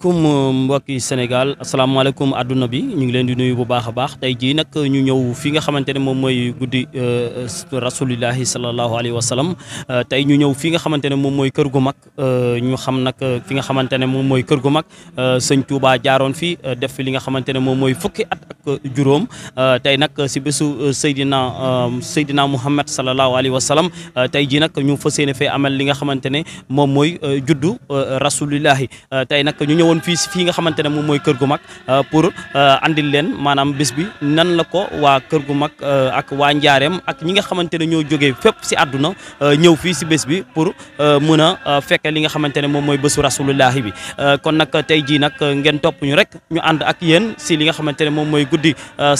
asalaamaaleykum mbokki Sénégal asalaamaaleykum àdduna bi ñu ngi leen di nuyu bu baax baax tey jii nag ñu ñëw fi nga xamante ne moom mooy guddi euh, rasulillahi sallallahu alayhi wa sallam euh, tey ñu ñëw fi nga xamante ne moom mooy kër gu mag euh, ñu xam nag fi nga xamante ne moom mooy kër gu mag sëñ Touba jaaroon fi def li nga xamante ne moom mooy fukki at ak juróom tey nag si bésu Seydina Seydina Mouhamed sallallahu alayhi wa sallam tey jii nag ñu fas yéene fee amal li nga xamante ne moom mooy juddu rasulillahi tey nag ñu ñëwoon fii fii nga xamante ne moom mooy kër gu mag euh, pour euh, andil leen maanaam bés bi nan la ko waa kër gu mag euh, ak waa njaareem ak ñi nga xamante ne ñoo jógee fépp si adduna ñëw fii si bés bi pour mën a fekke li nga xamante ne moom mooy bésu rasulullahi bi kon nag tey jii nag ngeen topp rek ñu ànd ak yéen si li nga xamante ne moom mooy guddi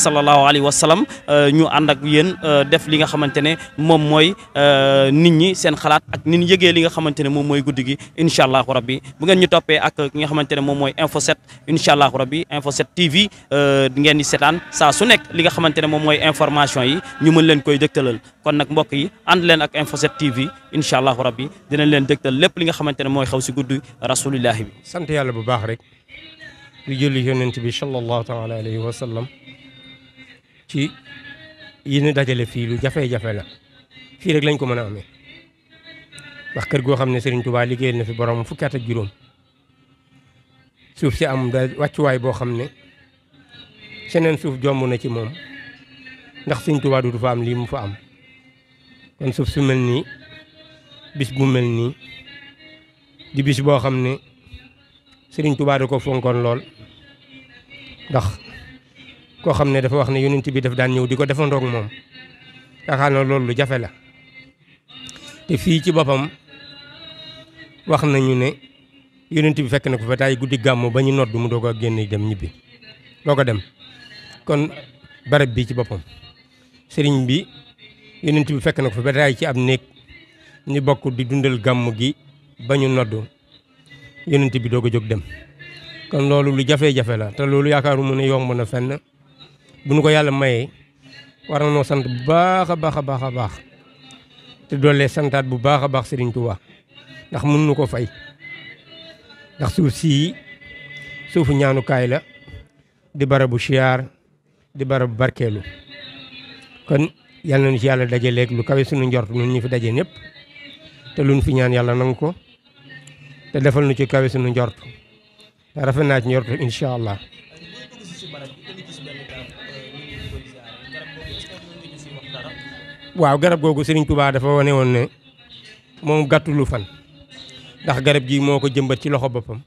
sallallahu alayhi wa sallam ñu ànd ak yéen def li nga xamante ne moom mooy nit ñi seen xalaat ak nit yëgee li nga xamante ne moom mooy guddi gi incha allahu rabbi bu ngeen ñu toppee ak nga xamante moom mooy info 7 incha allahu rabbi info 7 TV euh, ngeen di seetaan saa su nekk li nga xamante ne moom mooy information yi ñu mën leen koy dëgtalal kon nag mbokk yi ànd leen ak info 7 TV incha allahu rabbi dinañ leen dëgtal lépp li nga xamante ne mooy xaw si guddi rasulillahi bi sant yàlla bu baax rek di julli yonent bi sallallahu taala alayhi wa sallam ci yi ñu dajale fii lu jafe-jafe la fii rek lañ ko mën a amee kër goo xam ne Serigne Touba liggéeyal na fi borom fukki at suuf si am da wàccuwaay boo xam ne seneen suuf jomb na ci moom ndax Sëñ Tuubaa fa am lii mu fa am kon suuf su mel nii bis bu mel nii di bis boo xam ne Sëriñ Tuubaa da ko fonkoon lool ndax koo xam ne dafa wax ne yonent bi daf daan ñëw di ko defandoog moom yaakaar na loolu lu jafe la te fii ci boppam wax nañu ne yonent bi fekk na ko fa taay guddi gàmmu ba ñu nodd mu doog a génn dem ñibbi doo ko dem kon barab bi ci boppam sëriñ bi yonent bi fekk na ko fa ba taay ci ab néeg ñu bokk di dundal gàmmu gi ba ñu nodd yonent bi doo ko jóg dem kon loolu lu jafe-jafe la te loolu yaakaaru mu ne yomb na fenn bu nu ko yàlla mayee war na noo sant bu baax a baax a baax a baax te doolee santaat bu baax a baax Sëriñ waa ndax mën nu ko fay ndax suuf sii suufu ñaanukaay la di barabu siyaar di bu barkeelu kon yal nañu ci yàlla daje léegi lu kawe sunu njort ñun ñu fi daje népp te luñ fi ñaan yàlla nangu ko te defal nu ci kawe sunu njort te rafet naa ci njort incha allah. waaw garab googu Serigne Touba dafa wane woon ne moom gàttulu fan. ndax garab gi moo ko jëmbat ci loxo boppam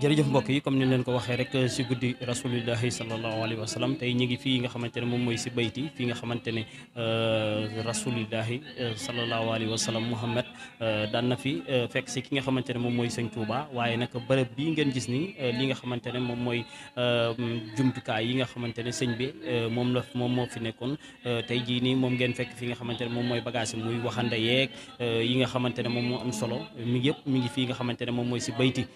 jërëjëf mbokk yi comme ni leen ko waxee rek si guddi rasulillahi salallahu alayhi wa sallam tey ñu ngi fii nga xamante ne moom mooy si bayti fii nga xamante ne euh, rasulillahi euh, salallahu alayhi wa sallam muhammad euh, daan na fi fekk si ki nga xamante ne moom mooy sëñ Touba waaye nag bërëb bii ngeen gis ni li nga xamante ne moom mooy jumtukaay yi nga xamante ne sëñ bi moom la moom moo fi nekkoon tey jii nii moom ngeen fekk fi nga xamante ne moom mooy bagage muy waxande yeeg yi nga xamante ne moom moo am solo mi yëpp mi ngi fii nga xamante ne moom mooy si bayti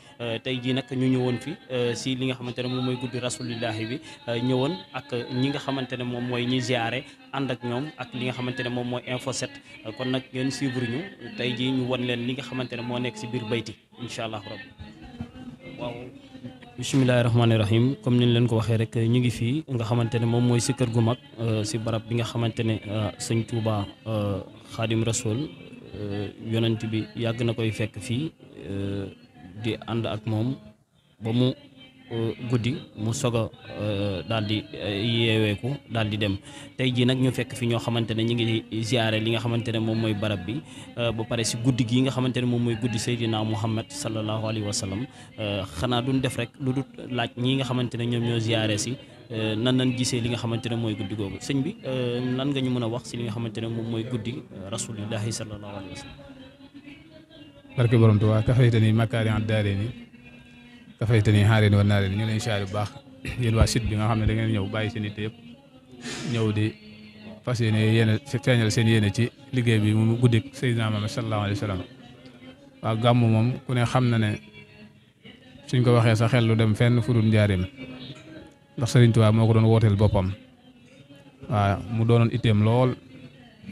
ñu ñëwoon fi euh, si li nga xamante ne moom mooy guddi rasulillahi bi euh, ñëwoon ak ñi nga xamante ne moom mooy ñi ziare ànd ak ñoom ak li nga xamante ne moom mooy info 7 euh, kon nag ngeen suivre ñu tey jii ñu won leen li nga xamante ne moo nekk si biir bayti incha allahu rabbi waaw bisimilahi rahmaani rahim comme niñ leen ko waxee rek ñu ngi fii nga xamante ne moom mooy si kër gu mag si barab bi nga xamante ne sëñ Tuuba xaadim rasul yonent bi yàgg na koy fekk fii di ànd ak moom ba mu euh, guddi mu sog a euh, daal di euh, yeeweeku daal di dem tey jii nag ñu fekk fi ñoo xamante ne ñu ngi ziare li nga xamante ne moom mooy barab bi ba pare si guddi gi nga xamante ne moom mooy guddi Seydina Muhammad sallallahu alayhi wa sallam xanaa duñ def rek lu du laaj ñii nga xamante ne ñoom ñoo ziare si nan nan gisee li nga xamante ne mooy guddi googu sëñ bi nan nga ñu mën a wax si li nga xamante ne moom mooy guddi rasulillahi sallallahu alayhi wa sallam borom Tuubaa taxawitani makkaari daare ni dafay te ni xaareen war naa leen ñu leen siyaare bu baax yéen waa site bi nga xam ne da ngeen ñëw bàyyi seen itte yëpp ñëw di fas yéene yéene feeñal seen yéene ci liggéey bi mu guddik Seydina Muhammad ma alayhi wa salaam waa gàmmu moom ku ne xam na ne suñ ko waxee sa xel lu dem fenn fu dul njaareem ndax Sëriñ Tuubaa moo ko doon wooteel boppam waaw mu doonoon itteem lool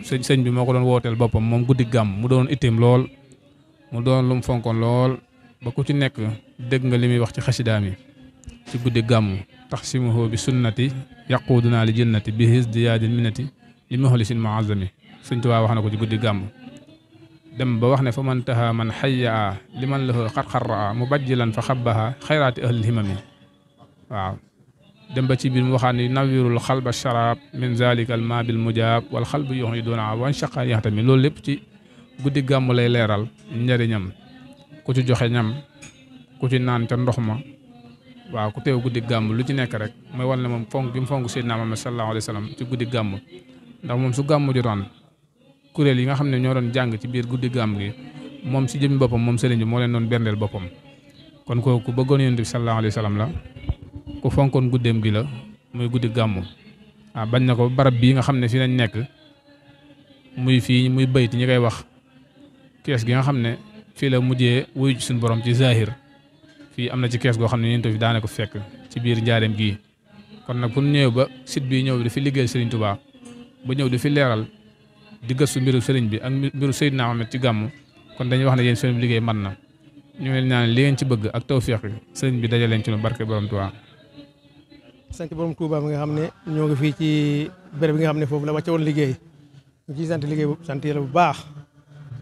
sëñ sëñ bi moo ko doon wooteel boppam moom guddi gàmm mu doon itteem lool mu doon lu mu lool ba ku ci nekk. dégg nga li muy wax ci xasidaam yi ci guddi gàmmu taxsimuhu bi sunnati yaquudunaa li jannati bi hisdiyaadil minati li muxlisin muazami Sëñ waa wax na ko ci guddi gàmmu dem ba wax ne fa man taha man xayyaa li man lahu xarxarraa mu bajjilan fa xabbaha xayraati ahlil himami waaw dem ba ci biir mu waxaan ni nawirul xalba sharaab min zalika al maabil mujaab wal xalbu yox yi doona wan shaqaa yaxtami loolu lépp ci guddi gàmmu lay leeral njëriñam ku ci ndox ma waaw ku guddi gàmm lu ci nekk rek mooy wan ne moom fonk bi mu fonk Seydina Muhammad sallallahu alayhi wa sallam ci guddi gàmm ndax moom su gàmm jotoon kuréel yi nga xam ne ñoo doon jàng ci biir guddi gàmm gi moom si jëmmi boppam moom sëriñ bi moo leen doon berndeel kon kooku ku bëggoon yonent bi sallallahu alayhi wa sallam la ku fonkoon guddeem gi la muy guddi gàmmu ah, bañ na ko barab bii nga xam ne fi lañ nekk muy fii muy bayt ñi kay wax kees gi nga xam ne fii la mujjee wuyu ci suñu borom ci zahir fii am na ci kees goo xam ne nii tamit daane ko fekk ci biir njaareem gii kon nag bu ba site bi ñëw di fi liggéey Serigne Touba ba ñëw di fi leeral di gëstu mbiru Serigne bi ak mbiru Seydina Ahmed ci gàmm kon dañuy wax ne yéen seen liggéey man na ñu ngi leen li ngeen ci bëgg ak tawféex bi Serigne bi daje leen ci lu barke borom Touba. sant borom Touba mi nga xam ne ñoo ngi fii ci béréb bi nga xam ne foofu la wàcce woon liggéey ñu ciy sant liggéey bu sant yàlla bu baax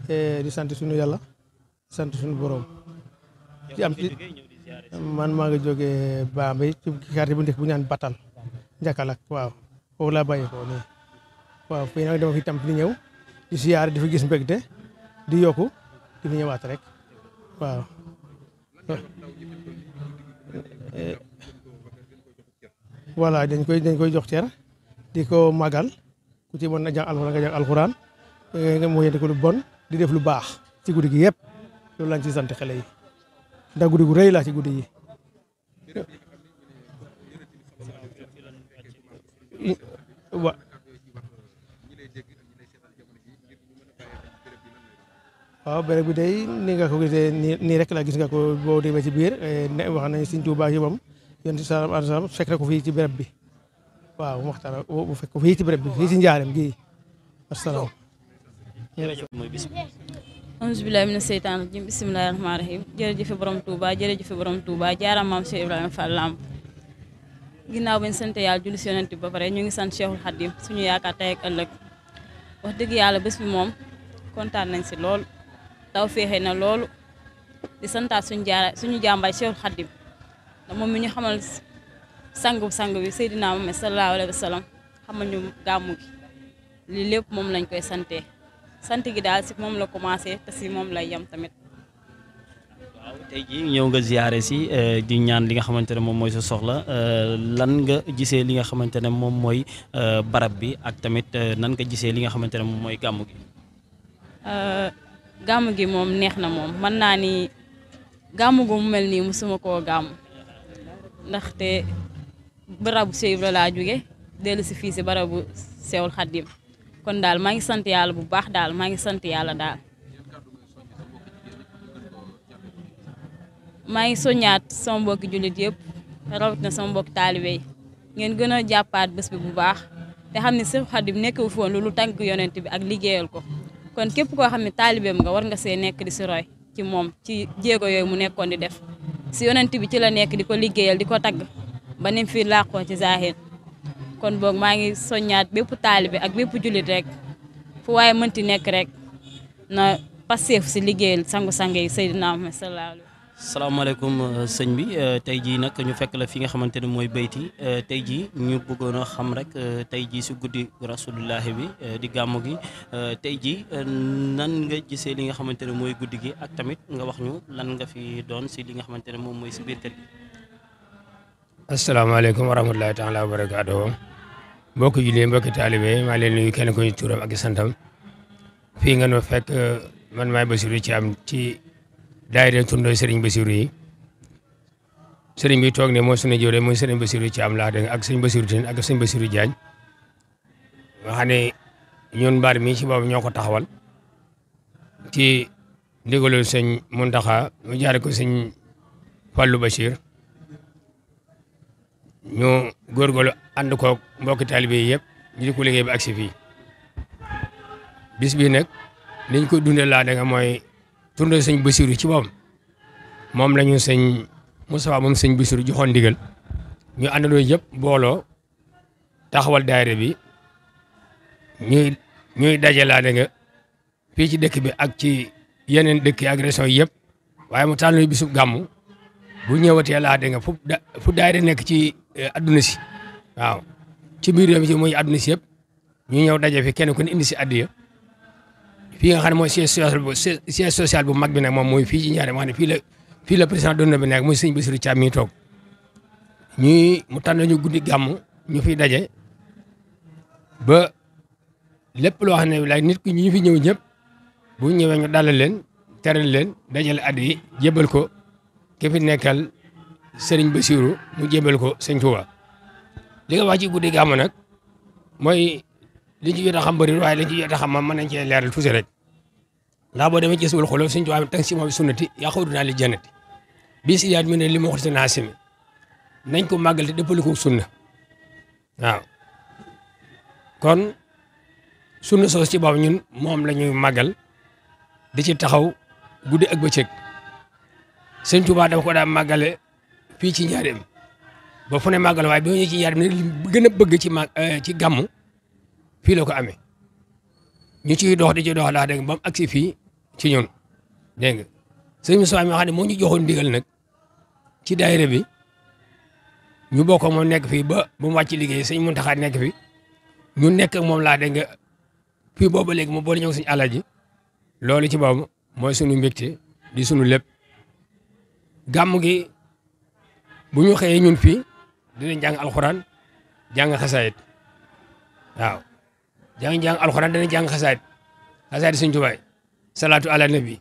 eh, di sant suñu yàlla sant suñu borom. ci am ci man maa ngi jógee Bambey ci quartier bu njëkk bu ñaan naan Batal Njakalak waaw foofu laa bàyyi ko waaw fii nag dama fi tam di ñëw di siyaar di fi gis mbégte di yokku di fi ñëwaat rek waaw. voilà dañ koy dañ koy jox cer di ko màggal ku ci mën na jàng alxuraan nga jàng alxuraan nga moyandi ko lu bon di def lu baax ci guddi gi yépp loolu lañ ci sant xale yi. ndax guddi gu rëy laa ci guddi yi wa waaw béréb ni nga ko gisee nii rek la gis nga ko boo demee ci biir eh, wax nañu Sëñ Tuubaa yëppam yonent salaam alayhi salaam ko fii ci béréb bi waaw waxtaan bu fekk ko fii ci béréb bi fii ci njaaram gii asalaam auzu mi mina seytaan rajim bisimilahi rahmaan rahim jërëjëfe borom Touba jërëjëfe borom Touba jaaraam maam Cheikh Ibrahima Fall Lamp ginnaaw bañ sant yàlla julli si yonent bi ba pare ñu ngi sant Cheikhul Khadim suñu yaakaar tey ëllëg wax dëgg yàlla bés bi moom kontaan nañ si lool taw féexe na loolu di santaat suñu jaara suñu jàmbaay Cheikhul Khadim moom mi ñu xamal sangu sang bi Seydina Muhammad sallallahu alayhi wa sallam xamal ñu gàmmu gi lii lépp moom lañ koy santee sant gi daal si moom la commencé te si moom lay yem tamit. waaw tey ñëw nga ziare si eh, di ñaan li nga xamante ne moom mooy sa soxla eh, lan nga gisee li nga xamante ne moom mooy eh, barab bi ak tamit nan nga gisee li nga xamante ne moom mooy gàmmu gi. gàmmu gi moom neex na moom mën naa ni gàmmu gu mu mel nii musuma koo gàmmu ndaxte barabu Cheikh Ibra laa jóge dellu si fii si barabu Sewul Xaddim kon daal maa ngi sant yàlla bu baax daal maa ngi sant yàlla daal maa ngi soññaat sama mbokki jullit yëpp na sama mbokki taalibe ngeen gën a jàppaat bés bu baax te xam ne Seex Xaadim nekku foon lu lu tànk yonent bi ak liggéeyal ko kon képp koo xam ne taalibeem nga war nga see nekk di si roy ci moom ci jéego yooyu mu nekkoon di def si yonent bi ci la nekk di ko liggéeyal di ko tagg ba nim fi làqoo ci zaahir kon boog maa ngi soññaat bépp bi ak bépp jullit rek fu waaye mënti nekk rek na passeef si liggéeyal sangu-sang yi Seydina Muhammad sallallahu alayhi salaamaaleykum euh, sëñ bi euh, tey jii nag ñu fekk la fi nga xamante ne mooy bayti euh, tey jii ñu bëggoon a xam rek tey jii si guddi rasulullahi bi di gàmmu gi tey jii nan nga gisee li nga xamante ne mooy guddi gi ak tamit nga wax ñu lan nga fi doon si li nga xamante ne moom mooy si biir kër gi asalaamaaleykum wa rahmatulahi taala wa barakaatuhu mbokki jullit mbokki taalibe maa leen nuyu kenn ko ñu turam ak santam fii nga no fekk man maay Bassirou Thiam ci daayira tundoo Serigne Bassirou yi Serigne bi toog ne moo suñu jëwriñ mooy Serigne Bassirou Thiam laa dégg ak Serigne Bassirou Tine ak Serigne Bassirou Diagne nga xam ne ñun mbaar mi boobu ñoo ko taxawal ci ndigalul sëñ Mountakha mu jaar ko sëñ Fallou Bachir ñu góorgóorlu ànd koog mbokki taalibe yi yëpp ñu di ko liggéey ba agsi fii bis bii nag liñ ko dundee laa da nga mooy tourné sëñ Bassirou ci boppam moom la ñu sëñ Moustapha moom sëñ Bassirou joxoon ndigal ñu àndandoo yëpp booloo taxawal daayira bi ñuy ñuy daje laa da nga fii ci dëkk bi ak ci yeneen dëkk yi ak yëpp waaye mu tànn bisu gàmmu bu ñëwatee laa da nga fu fu daayira nekk ci adduna eh, si waaw ci biir réew mi ci muy àdduna si yëpp ñu ñëw daje fi kenn ku ne indi si addiya fii nga xam ne mooy siège social bu social bu mag bi nag moom mooy fii ci ñaare ma xam ne fii la fii la président doon na bi nekk muy sëñ Bassirou Thiam mi toog ñuy mu tànn ñu guddi gàmm ñu fiy daje ba lépp loo xam ne lay nit ku ñu fi ñëw ñëpp bu ñëwee ñu dalal leen teral leen dajale at yi jébal ko ki fi nekkal Serigne Bassirou mu jébal ko Sëñ Touba. li nga ci guddi gàmmu nag mooy li ci jot a xam bëri waaye li ci jot a xam man mën nañ cee leeral tuuti rek ndax boo demee ci suul teg si moom sunnati yaa xawdu naa li bii si yaat mi ne li ma waxoon si ko màggal te dëppale ko sunna waaw kon sunna soos ci boobu ñun moom la ñuy màggal di ci taxaw guddi ak bëccëg sëñ Tuubaa dafa ko daan màggale fii ci njaareem ba fu ne màggal waaye bi ñu ci yar ne li gën a bëgg ci ma euh, ci gàmmu fii la ko amee ñu ciy dox di ci dox daa dégg ba mu fii ci ñun dégg nga sëñ Moussa mi xam ne moo ñu joxoon ndigal nag ci daayira bi ñu boko moom nekk fii ba ba mu wàcc liggéey sëñ Mountakha nekk fi ñu nekk ak moom laa dégg nga fii boobu léegi mu boole ñëw suñu alal ji loolu ci boobu mooy sunu mbégte di sunu lépp gàmm gi bu ñu xëyee ñun fii dinañ jàng alxuraan jàng xasaayit waaw jàng jàng alxuraan danañ jàng xasaayit xasaayit sëñ Tuubaa nabi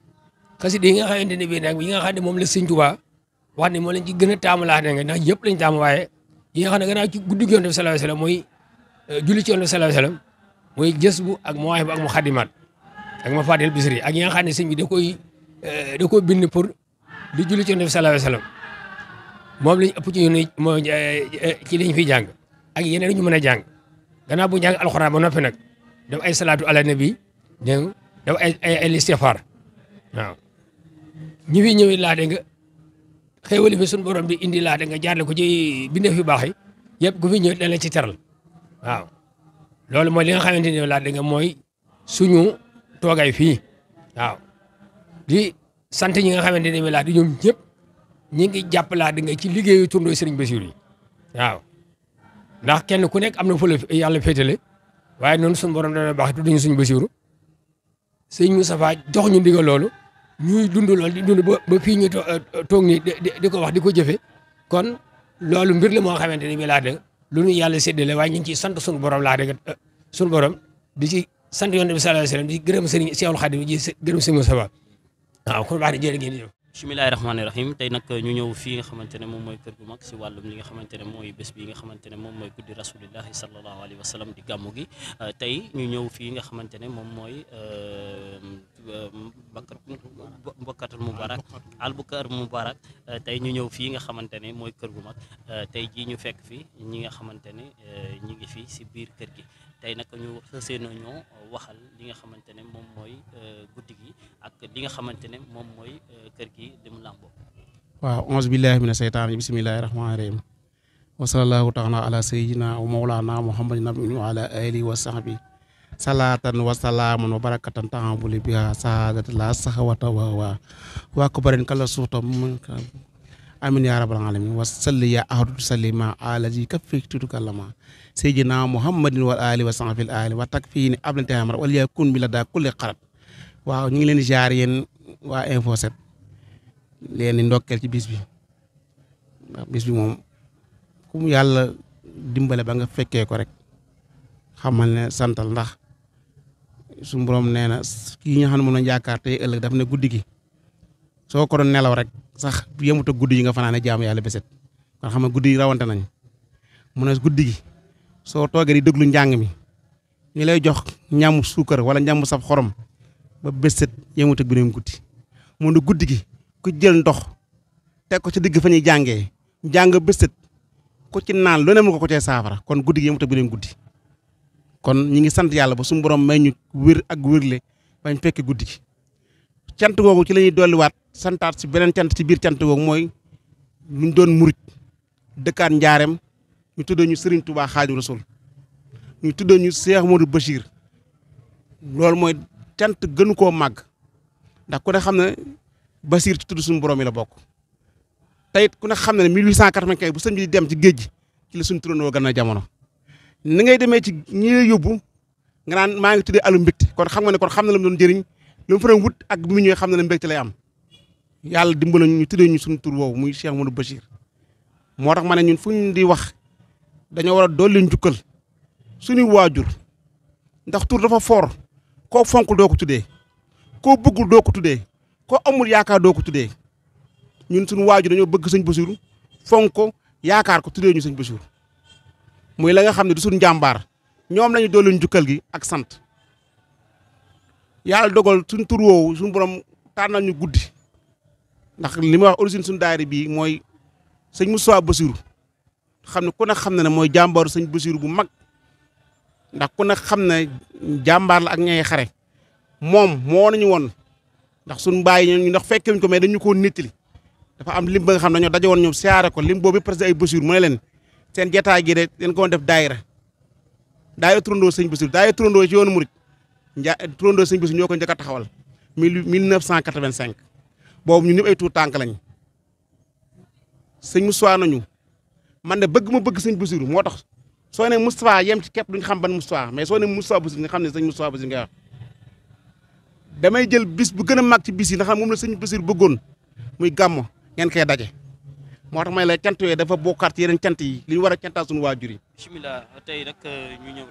xasida yi nga xamante ne bii nag yi nga xam ne moom la sëñ Tuubaa wax ne moo leen ndax yëpp lañ taamu waaye yi nga xam ne gannaaw ci guddi gi Yonent bi sallallahu alayhi wasallam euh, ci Yonent bi sallallahu alayhi wasallam ak mawaahib bu ak mu xadimaat ak ma fadel bisri ak yi nga xam ne sëñ bi da koy euh, da koy bind pour di julli ci Yonent bi sallallahu moom lañ ëpp ci ñun mooy eh, eh, ci liñ fi jàng ak yeneen ñu mën a jàng gannaaw bu jàng alxuraan ba noppi nag def ay salaatu ala nabi dégg nga def ay ay ay istighfar fi ñëwee laa de nga xéewali fi suñu borom bi indi laa nga jaarle ko ci bindeef yu baax yi yëpp ku fi ñëw dañ ci teral waaw loolu mooy li nga xamante ne laa de nga mooy suñu toogay fii waaw di sant ñi nga xamante ne laa di ñoom ñëpp. ñi ngi jàppalaa di nga ci liggéeyu turndoo Serigne Bassirou yi waaw ndax kenn ku nekk am na fële yàlla féetale waaye noonu suñu borom dana baax tudduñu suñu Bassirou sëñ Moustapha jox ñu ndigal loolu ñuy dund lool di dund ba fii ñu euh, euh, toog nii di ko wax di ko jëfe kon loolu moo xamante ni laa lu ñu yàlla séddale waaye ñu ngi ciy sant suñu borom laa dëgg euh, suñu borom di ci sant yonent bi sallallahu alayhi wasallam di gërëm sëriñ Seexul Xaadim di gërëm sëriñ Moustapha waaw kon baax na jërë ngeen bismillaahi rahmaani rahim tey nag ñu ñëw fii nga xamante ne moom mooy kër gu mag si wàllum li nga xamante ne mooy bés bi nga xamante ne moom mooy guddi rasulillahi sallallahu alayhi wa sallam di gàmmu gi euh, tey ñu ñëw fii nga xamante ne moom mooy mbokkatul euh, mubarak albukar mubarak euh, tey ñu ñëw fii nga xamante ne mooy kër gu mag tey jii ñu fekk fi ñi nga xamante ne ñi ngi fii si biir kër gi tey nag ñu sësee nañoo waxal li nga xamante ne moom mooy euh, guddi gi ak li nga xamante ne moom mooy euh, kër gi li mu làmboo waaw onze billahi mina seytaan bismillahi rahmaani rahim wa sallallahu taala salaatan wa salaaman wa barakatan taambuli biha saadati la saxawata wa waa waa ko barin kala suuta mun ka amin ya rabbal alamin wa salli ya ahadu salima alaji kafiktu kalama sayyidina muhammadin wa ali wa sahbil ali wa takfini ablante amar wal yakun bi lada kulli qarat waaw ñu ngi leen di jaar yéen waa info 7 leen di ndokkeel ci bis bi ndax bis bi moom ku mu yàlla dimbale ba nga fekkee ko rek xamal ne santal ndax suñu borom nee na kii nga xam ne moom lañ yaakaar tey ëllëg daf na guddi gi soo ko doon nelaw rek sax yemut ak guddi yi nga fanaane jaamu yàlla beset kon xam nga guddi yi rawante mu ne guddi gi soo toogee di déglu njàng mi ñu lay jox ñamu suukar wala ñamu saf xorom ba beset yemut ak beneen guddi mu ne guddi gi ku jël ndox teg ko ci digg fa ñuy jàngee jàng beset ku ci naan lu ne mu kon guddi gi yemut ak guddi kon ñi ngi sant yàlla ba suñu borom may ñu wér ak wérle bañ fekk guddi gi googu ci la dolliwaat santaat si beneen cant ci biir cant googu mooy luñ doon murit dëkkaat njaareem ñu tuddee ñu Serigne Touba Xaadimu Rasuul ñu tuddee ñu Cheikh Modou Bachir loolu mooy cant gënu koo màgg ndax ku ne xam ne Bachir ci tudd suñu borom yi la bokk te it ku ne xam ne 1895 bu sëñ bi dem ci géej gi ci la suñu turandoo gën a jamono. ni ngay demee ci ñi lay yóbbu nga naan maa ngi tuddee alu mbégte kon xam nga ne kon xam na la doon jëriñ lu mu fa wut ak bu mu xam na la mbégte lay am. yàlla dimbala ñu tuddee ñu suñu tur woowu muy Cheikh Modou Bachir moo tax ma ne ñun fu ñu di wax dañoo war a dolli njukkal suñu waajur ndax tur dafa foor koo fonk doo ko tuddee koo bëggul doo ko tuddee koo amul yaakaar doo ko tuddee ñun suñu waajur dañoo bëgg sëñ Bachir fonk ko yaakaar ko tuddee ñu sëñ Bachir muy la nga xam ne du suñu njàmbaar ñoom lañu dolli njukkal gi ak sant yàlla dogal suñu tur woowu suñu borom tànnal ñu guddi. ndax li ma wax origine suñu daayira bii mooy sëñ Moustapha Bassirou xam ne ku ne xam na ne mooy jàmbaar sëñ Bassirou bu mag ndax ku ne xam ne jàmbaar la ak ñay xare moom moo nañu woon ndax suñu bàyyi ñu ndax fekkewuñ ko mais dañu koo nettali dafa am lim ba nga xam ne ñoo daje woon ñoom siyaare ko lim boobu président ay Bassirou mu ne leen seen jataay gi de dañ ko woon def daayira daayira turandoo sëñ Bassirou daayira turandoo ci yoonu nja turandoo sëñ Bassirou ñoo ko njëkk a taxawal mille mille neuf cent quatre boobu ñun ñëpp ay tuut tànk lañ sëñ Moustapha nañu man de bëgg ma bëgg sëñ Bassirou moo tax soo ne Moustapha yem ci képp duñ xam ban Moustapha mais soo ne Moustapha Bassirou nga xam ne sëñ Moustapha Bassirou nga wax jël bis bu gën a mag ci yi nga xam moom la sëñ Bassirou bëggoon muy gàmmo ngeen koy daje moo tax may la cant yooyu dafa bokkaat yeneen cant yi li ñu war a cantaa suñu waajur yi. bisimilah tey nag euh,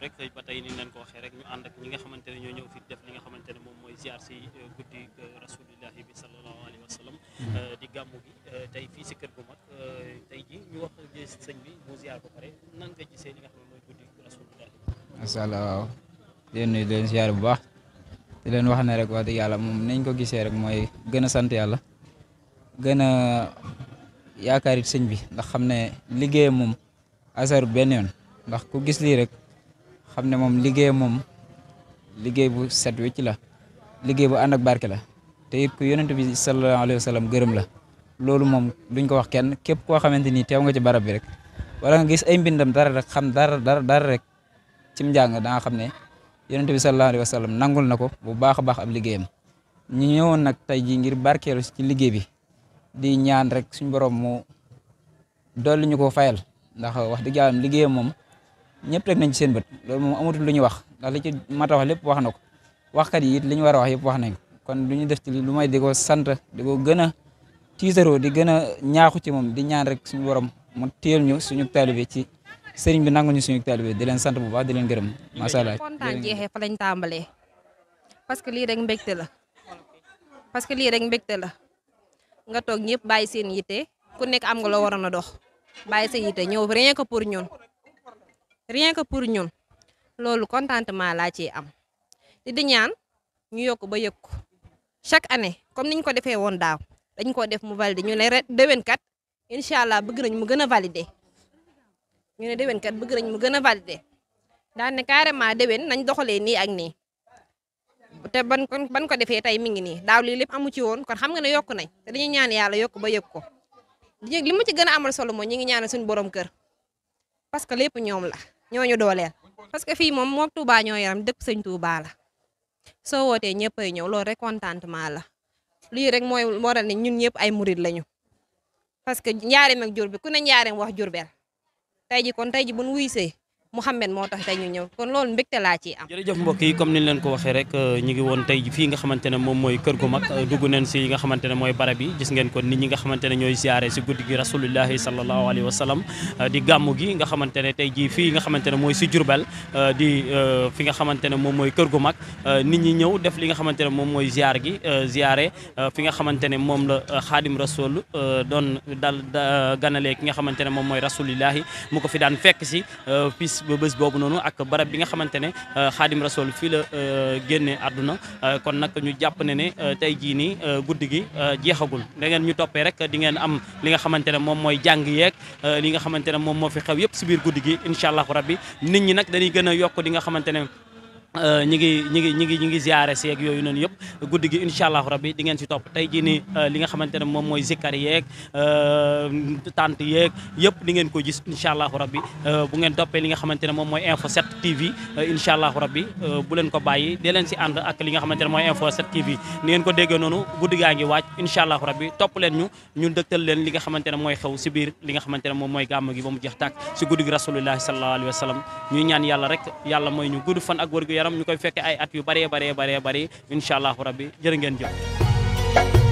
ko waxee rek ñu ànd ak ñi nga ne ñoo ñëw fi def li nga sallam euh, di gàmmu gi euh, tey si kër euh, bu baax di leen wax ne rek wax dëgg yàlla moom nañ ko gisee rek mooy gën a sant yàlla gën a yaakaarit sëñ bi ndax xam ne liggéeyam moom asar benn yoon ndax ku gis lii rek xam ne moom liggéey moom liggéey bu set wecc la liggéey bu ànd ak barke la te it ku yonent bi sallallahu alayhi wa sallam gërëm la loolu moom duñ ko wax kenn képp koo xamante ni teew nga ci barab bi rek wala gis ay mbindam dara rek xam dara dara dara rek cim njàng da xam ne yonent bi sallallahu alayhi nangul na ko bu baax baax ab liggéeyam ñu ñëwoon nag tey jii ngir barkeelu ci liggéey di ñaan rek suñ borom mu dolli ñu ko fayal ndax wax dëgg yàlla moom ñëpp teg nañ ci seen bët amatul lu ñu wax li ci mata lépp wax na ko waxkat yi it li ñu war a wax yëpp wax nañ kon lu ñu def ci lu may di ko sant di ko gën a tiitaroo di gën a ñaaxu ci moom di ñaan rek suñu worom mu téel ñu suñu taalibe ci sëriñ bi nangu ñu suñu taalibe di leen sant bu baax di leen gërëm macha allah. kontaan jeexee fa lañ tàmbalee parce que lii rek mbégte la parce que lii rek mbégte la nga toog ñëpp bàyyi seen yite ku nekk am nga loo waroon a dox bàyyi sa yitte ñëw rien que pour ñun que pour ñun loolu contentement laa ciy am di di ñaan ñu yokk ba yëg chaque année comme niñ ko defee woon daaw dañ ko def mu validé ñu ne ren déwén kat incha allah bëgg nañ mu gën a validé ñu ne déwén bëgg nañ mu gën a validé daan ne carrément déwén nañ doxalee nii ak nii te ban ko ban ko defee tey mi ngi nii daaw lii lépp amu ci woon kon xam nga ne yokku nañ te dañuy ñaan yàlla yokk ba yëg ko li mu ci gën a amal solo mooy ñu ngi ñaanal suñu borom kër parce que lépp ñoom la ñoo ñu dooleel parce que fii moom moom Touba ñoo yaram dëkk sëñ Touba la. soo wootee ñëpp ay ñëw loolu rek contentement la lii rek mooy waral ne ñun ñëpp ay murit lañu parce que njaareem ak jur bi ku ne njaareem wax jurbel tey ji kon tey ji bu nu wuysee Mouhamed moo tax tey ñu ñëw kon loolu mbégte laa ciy am. jërëjëf mbokk yi comme ni leen ko waxee rek euh, ñu ngi woon tey ne moom mooy kër gu mag euh, dugg euh, nga xamante ne tey jii fii nga xamante ne mooy si Jurbel di fi nga xamante ne moom mooy kër gu mag nit ñi ñëw def li nga xamante ne moom mooy ziar gi ziare fi nga xamante ne moom la xaadim rasul doon dal ganalee ki nga xamante ne moom mooy rasulullahi mu ko fi daan fekk si bés ba bés boobu noonu ak barab bi nga xamante ne xaadim euh, rasool fii la euh, génne àdduna euh, kon nag ñu jàpp ne ne tey jii nii guddi gi jeexagul da ngeen ñu toppee rek di ngeen am li nga xamante ne moom mooy jàng yeeg li nga xamante ne moom moo fi xew yëpp si biir guddi gi incha allahu rabbi nit ñi nag dañuy gën a yokk di nga xamante ne Euh, ñi ngi ñi ngi ñi ngi ñi ngi ziare seeg yooyu noonu yëpp guddi gi incha allahu rabbi di si topp tey jii euh, li nga xamante ne moom mooy zikkar yeeg euh, tant yeeg yëpp di ngeen ko gis incha allahu rabbi bu ngeen toppee li nga xamante ne moom mooy info 7 TV incha allahu leen ko bàyyi dee leen si ànd ak li nga xamante ne mooy info 7 TV ni ngeen ko déggee noonu guddi gaa ngi wàcc incha allahu rabbi topp leen ñu ñun dëgtal leen li nga xamante ne mooy xew si biir li nga xamante ne moom mooy gàmm gi ba mu jeex tàkk si guddi gi rasulillahi sallallahu alayhi yaram ñu koy fekke ay at yu bëree bëree bëree bëri incha allahu rabbi jërë ngeen jëf